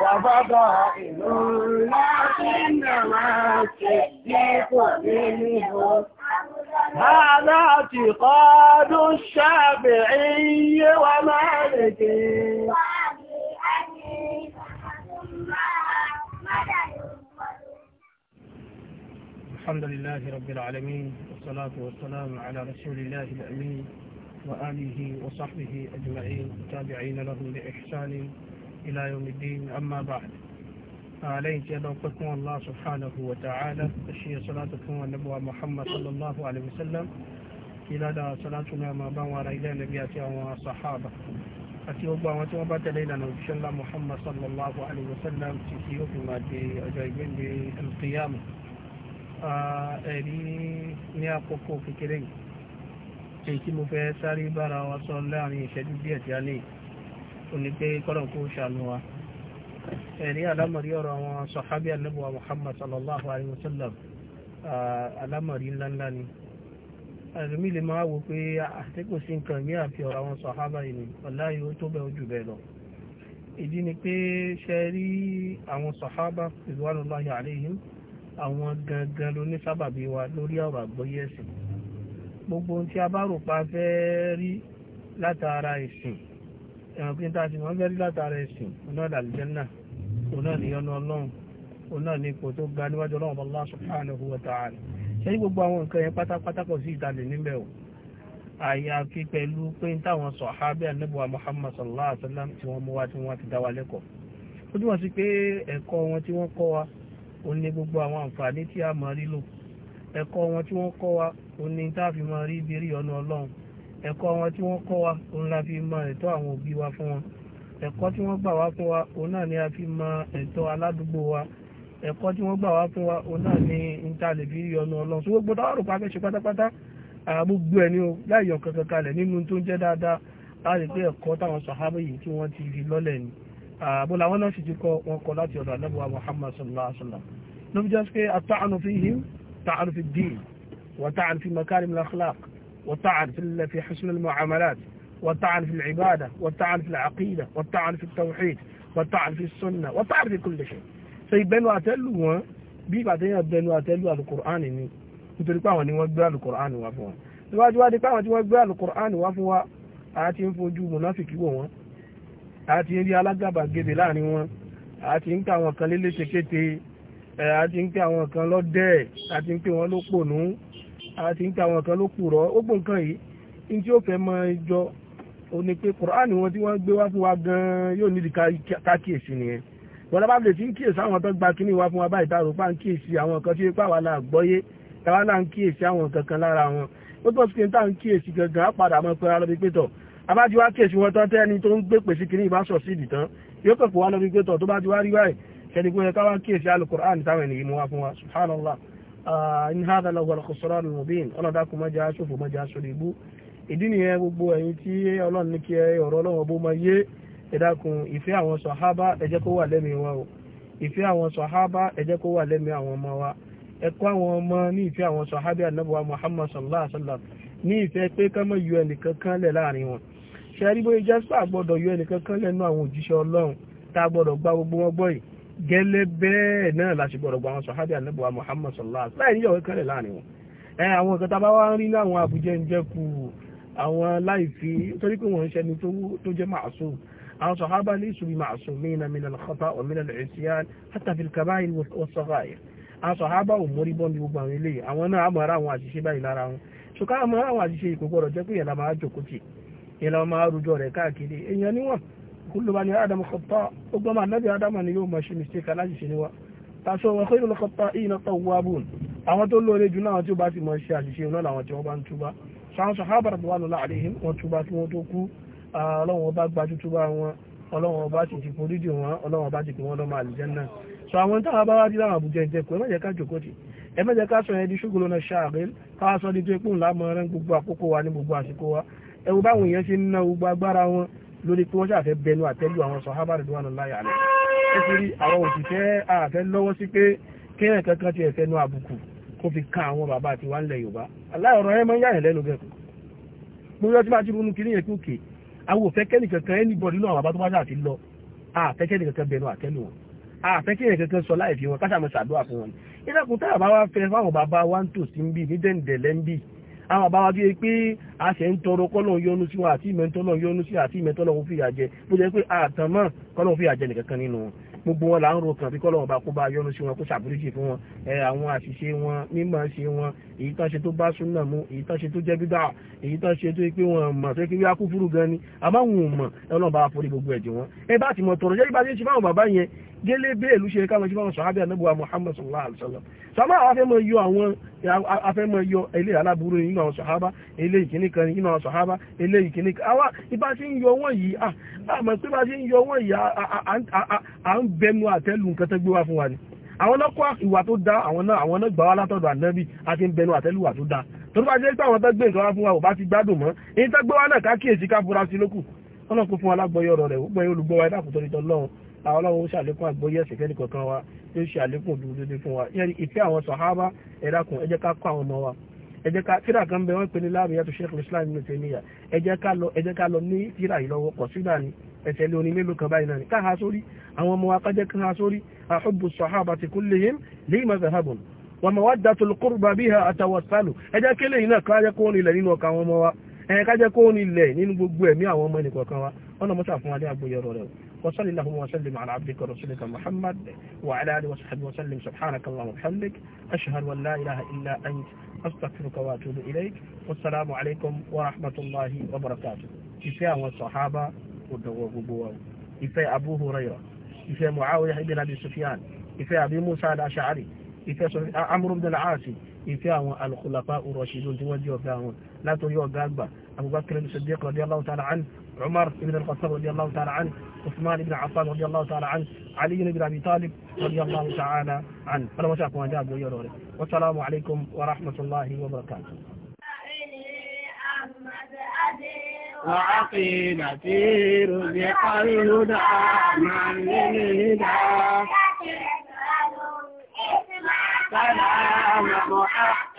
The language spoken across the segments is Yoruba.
وفضائل لكنما التصديق منه هذا اعتقاد الشافعي ومالكي الحمد لله رب العالمين والصلاة والسلام على رسول الله الأمين وآله وصحبه أجمعين تابعين لهم بإحسان إلى يوم الدين أما بعد lẹ́yìn tí ẹ lọ pẹ́ fún Allah subhanahu wa ta'ala ṣe salatu fún annabuwa Muhammad sallallahu alaihi wasallam kí ládà salatu ní ọmọ bá wọn ara ilé ẹ̀nàbí àti àwọn sahaba àti gbogbo àwọn tí wọ́n bá tẹ̀lé ìlànà òṣìṣẹ́lá Muhammad sallallahu alaihi wasallam ti fi ó fi máa di ọjọ́ ìgbéǹde alqiyama ẹ̀rí ní àkókò kékeré yìí tí mo fẹ́ sáré bára wa sọ láàrin ìṣẹ́jú díẹ̀ tí a ní òní pé kọ́lọ̀ kó ṣàánú wa ẹ̀rí alámọ̀rí ọ̀rọ̀ àwọn sọ̀hábí anábùwà Muhammad sallallahu alayhi wa sallam alámọ̀rí ńláńlá ni àrùmí lè máa wò pé àtẹ́kù sí nǹkan ní àfi ọ̀rọ̀ àwọn sọ̀hábà ìní ọ̀láyé ó tó bẹ̀ ojú bẹ̀ lọ ìdí ni pé ṣe rí àwọn sọ̀hábà ridwanullahi àwọn gangan ló ní sábàbí wa lórí ọ̀rọ̀ àgbọ́yé ẹ̀sìn gbogbo ohun tí a bá rò pa fẹ́ rí látara ìsìn ẹ̀wọ̀n pé tá a ti wọ́n fẹ́ rí látara ẹ̀sìn ọ̀nà àlìjẹ́nà ọ̀nà ìyọnu ọlọ́run ọ̀nà ní ipò tó ga níwájú ọlọ́run Allah subhanahu wa ta'ala ṣe gbogbo àwọn nǹkan yẹn pátápátá kò sí ìdálẹ̀ níbẹ̀ o àyàfi pẹ̀lú pé táwọn sọ̀hábẹ́ ànábùwà Muhammad sallallahu alaihi wa sallam tí wọ́n mú wá tí wọ́n ti dá wa lẹ́kọ̀ọ́ ó túmọ̀ sí pé ẹ̀kọ́ wọn tí wọ́n kọ́ wa òun la fi mọ ẹ̀tọ́ àwọn òbí wa fún wọn ẹ̀kọ́ tí wọ́n gbà wá fún wa òun náà ni a fi mọ ẹ̀tọ́ aládùúgbò wa ẹ̀kọ́ tí wọ́n gbà wá fún wa òun náà ni n ta lè fi rí ọ̀nà ọlọ́run tó gbogbo táwọn òrùka fẹ́ẹ́ ṣe pátápátá àgbogbo ẹ̀ ni o láìyọ̀ kankan kalẹ̀ nínú tó ń jẹ́ dáadáa a pé ẹ̀kọ́ táwọn sàhábà yìí tí wọ́n ti fi lọ́lẹ̀ ni àbò làwọn náà sì ti kọ́ wọn kọ́ láti ọ̀dọ̀ anábùwà Muhammad sallallahu alaihi wa sallam ló jẹ́ pé àtàánù fi him tàánù fi dín wà tàánù fi makarim al وطعن في حسن المعاملات وطعن في العبادة وطعن في العقيدة وطعن في التوحيد وطعن في السنة وطعن في كل شيء سيبنوا أتلوا بيبا تينا بنوا أتلوا القرآن ني nítorí pàwọn ni wọ́n gbé alùkùránì wá fún wa níwájú wá di pàwọn tí wọ́n gbé alùkùránì wá fún wa a ti ń fojú mùnáfìkì wò wọ́n a ti ń rí alágàbàgebè láàrin wọn a ti ń ká àwọn kan léléṣekéte a ti ń ká àwọn kan lọ́dẹ̀ a ti ń pè wọ́n lópònú àti ń ta àwọn kan ló kù rọ ó gbọ́n nǹkan yìí ní tí ó fẹ́ mọ jọ ó ní pé kùránì wọn tí wọ́n gbé wá fún wa gan-an yóò nídìí ká kíyèsí nìyẹn bọ́lá bá lè ti ń kíyèsí àwọn tó gba kíní wá fún wa báyìí táàrò pa ń kíyèsí àwọn kan tí ó pàwà là gbọ́yé táwa là ń kíyèsí àwọn kankan lára wọn ó tọ́ sí pé tá ń kíyèsí gangan á padà mọ́ pẹ́ra lọ́bí pétọ̀ abájú wá kíyèsí wọn tán tẹ́ni tó ń gbé pèsè kíní ìbá sọ sí ìdìtán yóò kàn fún wa lọ́bí pétọ̀ tó bá ti wá rí báyìí kẹ́ni pé káwá kíyèsí alukur'an táwọn ènìyàn mú wá fún wa subhanallah in hadha lahu al-khusran al-mubin ọlọ́dàkùn mọ́jà ṣòfò mọ́jà ṣòrìbú ìdí nìyẹn gbogbo ẹ̀yin tí ọlọ́run ní kí ọ̀rọ̀ ọlọ́run bó máa yé ẹ dákun ìfẹ́ àwọn sọ̀hábà ẹ jẹ́ kó wà lẹ́mìí wa o ìfẹ́ àwọn sọ̀hábà ẹ jẹ́ kó wà lẹ́mìí àwọn ọmọ wa ẹ kọ́ àwọn ọmọ ní ìfẹ́ àwọn sọ̀hábà anábọ̀wá Muhammad sallallahu alaihi wasallam ní ìfẹ́ pé ká gẹ́lẹ́ bẹ́ẹ̀ náà láti gbọ́dọ̀ gba àwọn sọ̀hábì ànábọ̀wá Muhammad sallallahu alaihi wasallam láì níyàwó kẹlẹ̀ láàrin wọn ẹ àwọn ìkẹta bá wá ń rí láwọn àbújẹ ń jẹ kù àwọn láìfi torí pé wọn ń ṣẹni tó jẹ ma'sum àwọn sọ̀hábà ní ìṣubí ma'sumina min al-khata' wa min al-isyan hatta fil kaba'ir was-sagha'ir àwọn sọ̀hábà ò mórí bọ́ndì gbogbo àwọn ilé àwọn náà kullu bani adam khata gbogbo ma nabi adam ni yóò máa ṣe mistake aláti ṣe ni wa taṣọ wa khairul khata'ina tawwabun àwọn tó lóore jù náà tí ó bá ti mọ̀ ṣe àṣìṣe náà làwọn tí wọ́n bá ń túbá sáwọn sahaba radwanullahi alaihim wọn túbá kí wọ́n tó kú ọlọ́run ọba gbajú túbá wọn ọlọ́run ọba ti ti foríjì wọn ọlọ́run ọba ti pè wọ́n lọ́mọ àlùjánnà so àwọn táwọn bá wá dí láwọn àbújá ìjẹkù ẹ má jẹ́ ká jòkó tì ẹ má jẹ́ ká sọ yẹn di ṣúgbọ́n lọ́nà ṣáàrẹ́ káwá sọ di tó ipò ńlá mọ́ ẹran gbogbo àkókò wa ní gbogbo àsìkò wa ẹ wo báwọn èèyàn ṣe ń ná gbogbo agbára wọn lórí pé wọ́n ṣàfẹ́ bẹnu àtẹ́lú àwọn sọ̀hábà rẹ̀ lọ́wọ́ láyà rẹ̀ nítorí àwọn òṣìṣẹ́ àfẹ́ lọ́wọ́ sí pé kéèyàn kankan ti ẹ̀fẹ́ nu àbùkù kó fi ka àwọn bàbá àti wà ńlẹ̀ Yorùbá aláìrọ̀ ẹ máa ń yàyàn lẹ́nu gẹ̀kọ́ mo yọ tí máa ti anybody náà bàbá tó bá ṣáà ti lọ àfẹ́ kẹ́ni kankan bẹnu àtẹ́lù wọn àfẹ́ kẹ́ni kankan sọ láì fi wọn káṣà mọ́ ṣàdúrà fún wọn ìdàkùn táyà bá wá fẹ́ fáwọn bàbá wa àwọn bàbá wa bí i pé a ṣe ń tọrọ kọ́lọ̀ yọnu sí wọn àti ìmẹ́ntọ́lọ̀ yọnu sí àti ìmẹ́ntọ́lọ̀ kò fìyà jẹ bó jẹ́ pé àtàmọ́ kọ́lọ̀ fìyà jẹ nìkankan nínú wọn gbogbo wọn là ń ro kàn bí kọ́lọ̀ ọba kó bá yọnu sí wọn kó ṣàbúrúṣe fún wọn ẹ àwọn àṣìṣe wọn mímọ̀ ṣe wọn èyí tán ṣe tó bá súnà mú èyí tán ṣe tó jẹ́ bídà èyí tán ṣe tó pé wọn mọ̀ tó kiri akúfúrú gan ni àmọ́ wọn ò mọ̀ ẹ ọlọ́run bá forí gbogbo ẹ̀jẹ̀ wọn ẹ bá ti mọ̀ tọ̀rọ̀ jẹ́ bí bá ṣe ṣe fáwọn bàbá yẹn gẹ́lẹ́ bí èlú ṣe káwọn ìṣẹ́fọ́n sọ̀hábíà níbuwa Muhammad sallallahu alaihi wasallam sàmà afẹ́mọ̀ yọ àwọn afẹ́mọ̀ yọ ilé aláburú nínú àwọn sọ̀hábà ilé ìkíní kan nínú àwọn sọ̀hábà ilé ìkíní kan àwa ibà ṣe ń yọ wọ́n yìí àmọ́ pé bá ṣe ń yọ wọ́n yìí à ń bẹnu àtẹ́lù nǹkan tó gbé wá fún wa ni àwọn náà kọ́ ìwà tó dá àwọn náà àwọn náà gbà wá látọ̀dọ̀ ànábì àti ń bẹnu àtẹ́lù wà tó dá torí bá jẹ́ pé àwọn tó gbé nǹkan wá fún wa ò bá ti gbádùn mọ́ èyí tó gbé wá náà ká kíyèsí ká fura sí lókù ọlọ́kùn fún alágbọ̀yọ̀ rẹ̀ ó gbọ́yọ̀ olùgbọ́wá ẹ̀dá kùtọ́rìtọ́ lọ́run àwọn ọlọ́run ó ṣàlékún àgbóyé ẹ̀sìn fẹ́ni kọ̀ọ̀kan wa yóò ṣe àlékún òdúdúdú fún wa yẹ́n ìfẹ́ àwọn sàhábà ẹ̀dàkùn ẹ jẹ́ ká kọ́ àwọn ọmọ wa ẹ jẹ́ ká tíra kan bẹ wọ́n pe ní láàbù yàtọ̀ Sheikh Islam Ibn Taymiyyah ẹ jẹ́ ká lọ ẹ jẹ́ ká lọ ní tíra yìí lọ́wọ́ pọ̀ sígbà ni ẹsẹ̀ lé oní ni ká ha sórí àwọn ọmọ wa ká jẹ́ ká ha sórí ahubbu sahabati kullihim li madhhabun wa mawaddatul qurba biha ọ̀nà mọ́sà fún wa ní rẹ̀ وصل اللهم وسلم على عبدك ورسولك محمد وعلى آله وصحبه وسلم سبحانك اللهم وبحمدك أشهد أن لا إله إلا أنت أستغفرك وأتوب إليك والسلام عليكم ورحمة الله وبركاته إفيا والصحابة ودوغبوا إفيا أبو هريرة إفيا معاوية بن أبي سفيان إفيا أبي موسى الأشعري إفيا عمرو بن العاصي إفيا الخلفاء الراشدون توجهوا فيهم لا تريوا قلبا أبو بكر الصديق رضي الله تعالى عنه عمر بن الخطاب رضي الله تعالى عنه عثمان بن عفان رضي الله تعالى عنه علي بن أبي طالب رضي الله تعالى عنه أنا مشاكم أجاب ويروري والسلام عليكم ورحمة الله وبركاته وعقيدتي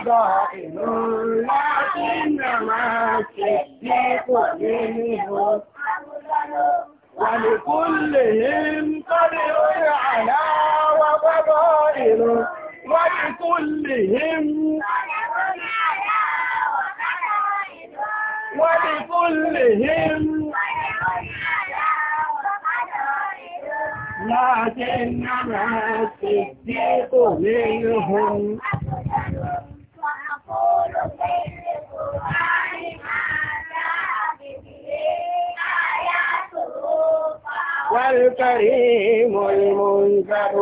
فضائل لكنما الصديق منه ولكلهم الكريم المنكر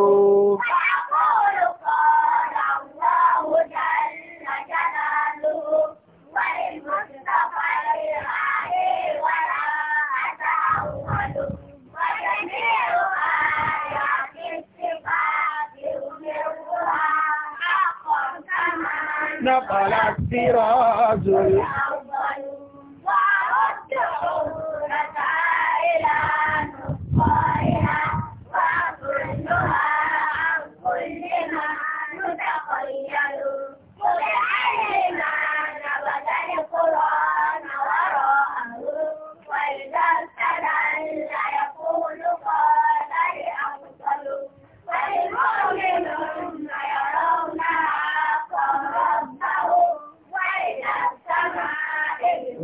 نقل السراج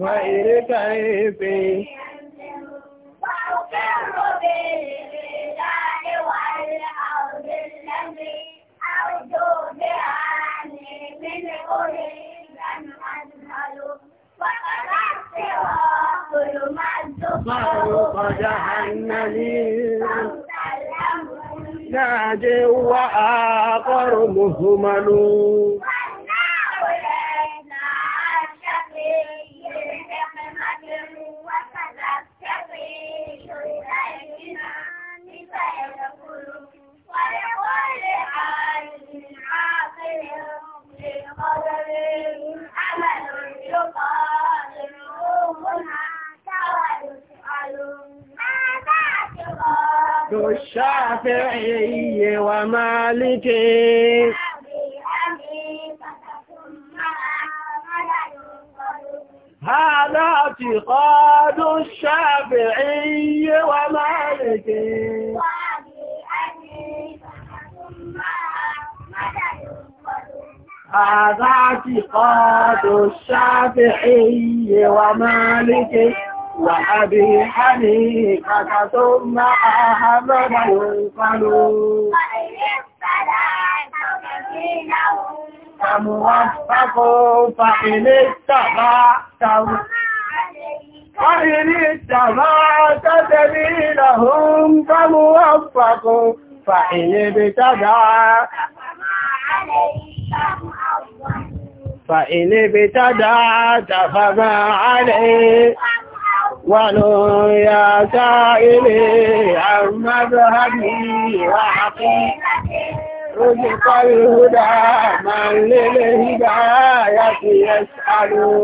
غير كيفي وأقر بالبلاد والأرض التي أرجو بأني من قريب أذهل وقد أصير ما الزفر قد هنني ناجي وآخر مهمل اعتقاد الشافعي ومالكي هذا اعتقاد الشافعي ومالك وأبي حنيفة ثم أحمد ينقل فموفق فإن اتبعته فإن اتبعت سبيلهم فموفق فإن ابتدع فإن ابتدعت فما عليه ونويا سائلي عن مذهبي وحقيقتي رزق الهدى من للهداية يسأل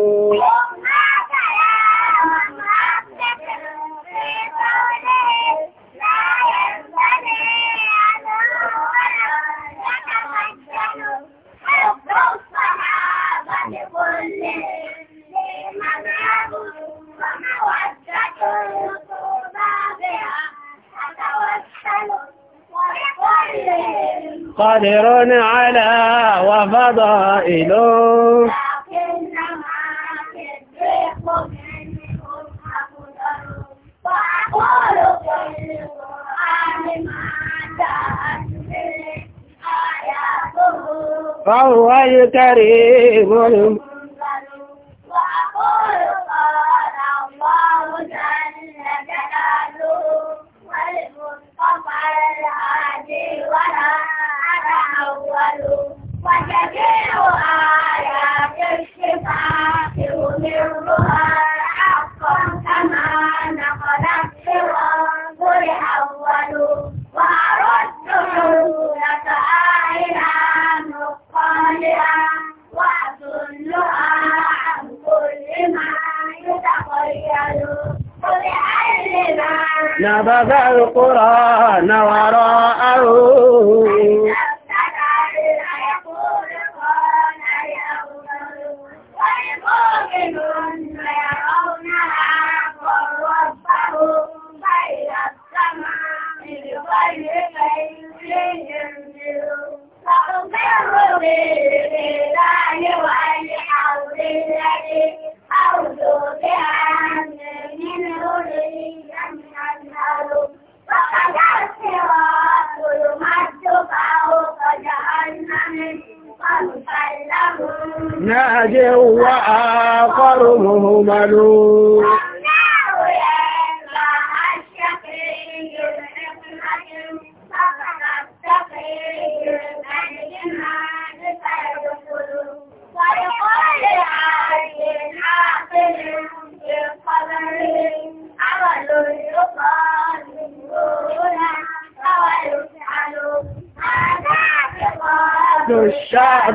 قادر على وفضائله فهو الكريم فذا القرآن وراءه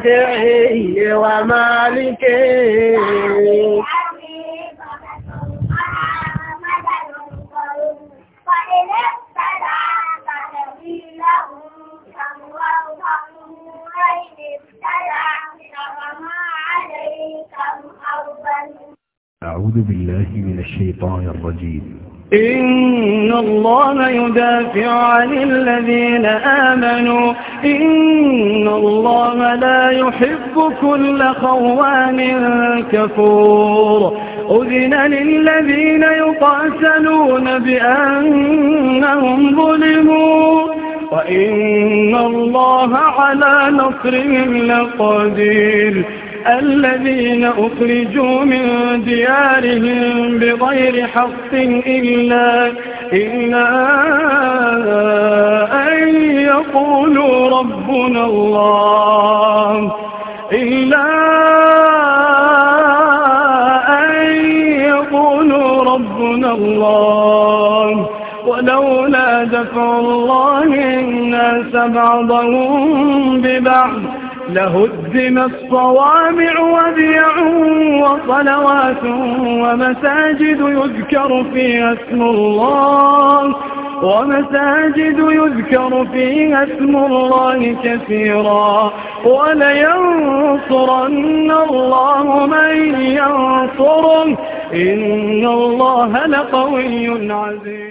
ومالكي أعوذ بالله من الشيطان الرجيم إن الله يدافع عن الذين آمنوا إن الله لا يحب كل خوان كفور أذن للذين يقاتلون بأنهم ظلموا وإن الله على نصرهم لقدير الذين أخرجوا من ديارهم بغير حق إلا, إلا أن يقولوا ربنا الله إلا أن يقولوا ربنا الله ولولا دفع الله الناس بعضهم ببعض لهدمت صوامع وبيع وصلوات ومساجد يذكر فيها اسم الله ومساجد يذكر فيها اسم الله كثيرا ولينصرن الله من ينصره إن الله لقوي عزيز